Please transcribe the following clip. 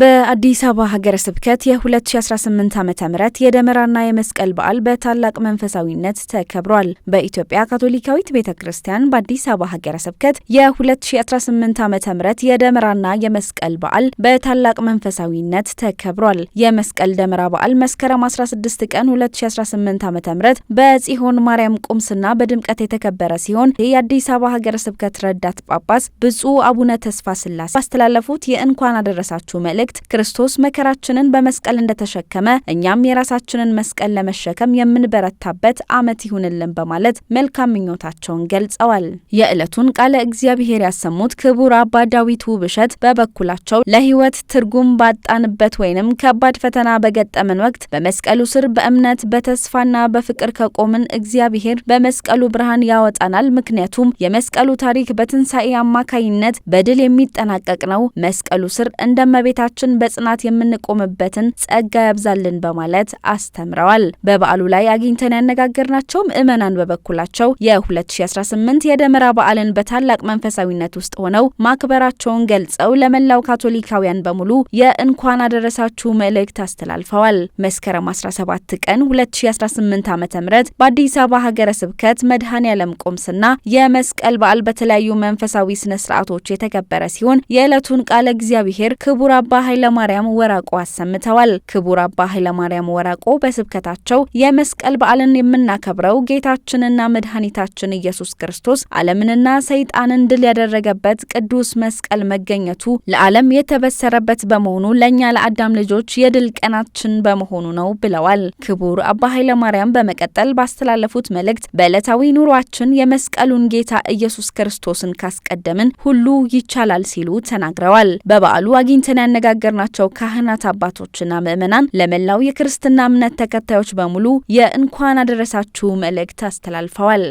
በአዲስ አበባ ሀገረ ስብከት የ2018 ዓ ም የደመራና የመስቀል በዓል በታላቅ መንፈሳዊነት ተከብሯል። በኢትዮጵያ ካቶሊካዊት ቤተ ክርስቲያን በአዲስ አበባ ሀገረ ስብከት የ2018 ዓ ም የደመራና የመስቀል በዓል በታላቅ መንፈሳዊነት ተከብሯል። የመስቀል ደመራ በዓል መስከረም 16 ቀን 2018 ዓ ም በጽዮን ማርያም ቁምስና በድምቀት የተከበረ ሲሆን የአዲስ አበባ ሀገረ ስብከት ረዳት ጳጳስ ብፁዕ አቡነ ተስፋ ስላሴ ባስተላለፉት የእንኳን አደረሳችሁ መልእክት መልእክት ክርስቶስ መከራችንን በመስቀል እንደተሸከመ እኛም የራሳችንን መስቀል ለመሸከም የምንበረታበት ዓመት ይሁንልን በማለት መልካም ምኞታቸውን ገልጸዋል። የዕለቱን ቃለ እግዚአብሔር ያሰሙት ክቡር አባ ዳዊት ውብሸት በበኩላቸው ለሕይወት ትርጉም ባጣንበት ወይንም ከባድ ፈተና በገጠመን ወቅት በመስቀሉ ስር በእምነት በተስፋና በፍቅር ከቆምን እግዚአብሔር በመስቀሉ ብርሃን ያወጣናል። ምክንያቱም የመስቀሉ ታሪክ በትንሣኤ አማካይነት በድል የሚጠናቀቅ ነው። መስቀሉ ስር እንደ እመቤታችን ለእምነታችን በጽናት የምንቆምበትን ጸጋ ያብዛልን በማለት አስተምረዋል። በበዓሉ ላይ አግኝተን ያነጋገርናቸው ምዕመናን በበኩላቸው የ2018 የደመራ በዓልን በታላቅ መንፈሳዊነት ውስጥ ሆነው ማክበራቸውን ገልጸው ለመላው ካቶሊካውያን በሙሉ የእንኳን አደረሳችሁ መልእክት አስተላልፈዋል። መስከረም 17 ቀን 2018 ዓ ም በአዲስ አበባ ሀገረ ስብከት መድኃኔ ዓለም ቆምስና የመስቀል በዓል በተለያዩ መንፈሳዊ ስነ ስርዓቶች የተከበረ ሲሆን የዕለቱን ቃለ እግዚአብሔር ክቡር አባ ኃይለማርያም ወራቆ አሰምተዋል። ክቡር አባ ኃይለማርያም ወራቆ በስብከታቸው የመስቀል በዓልን የምናከብረው ጌታችንና መድኃኒታችን ኢየሱስ ክርስቶስ ዓለምንና ሰይጣንን ድል ያደረገበት ቅዱስ መስቀል መገኘቱ ለዓለም የተበሰረበት በመሆኑ ለእኛ ለአዳም ልጆች የድል ቀናችን በመሆኑ ነው ብለዋል። ክቡር አባ ኃይለማርያም በመቀጠል ባስተላለፉት መልእክት በዕለታዊ ኑሯችን የመስቀሉን ጌታ ኢየሱስ ክርስቶስን ካስቀደምን ሁሉ ይቻላል ሲሉ ተናግረዋል። በበዓሉ አግኝተን ያነጋገርናቸው ካህናት አባቶችና ምእመናን ለመላው የክርስትና እምነት ተከታዮች በሙሉ የእንኳን አደረሳችሁ መልእክት አስተላልፈዋል።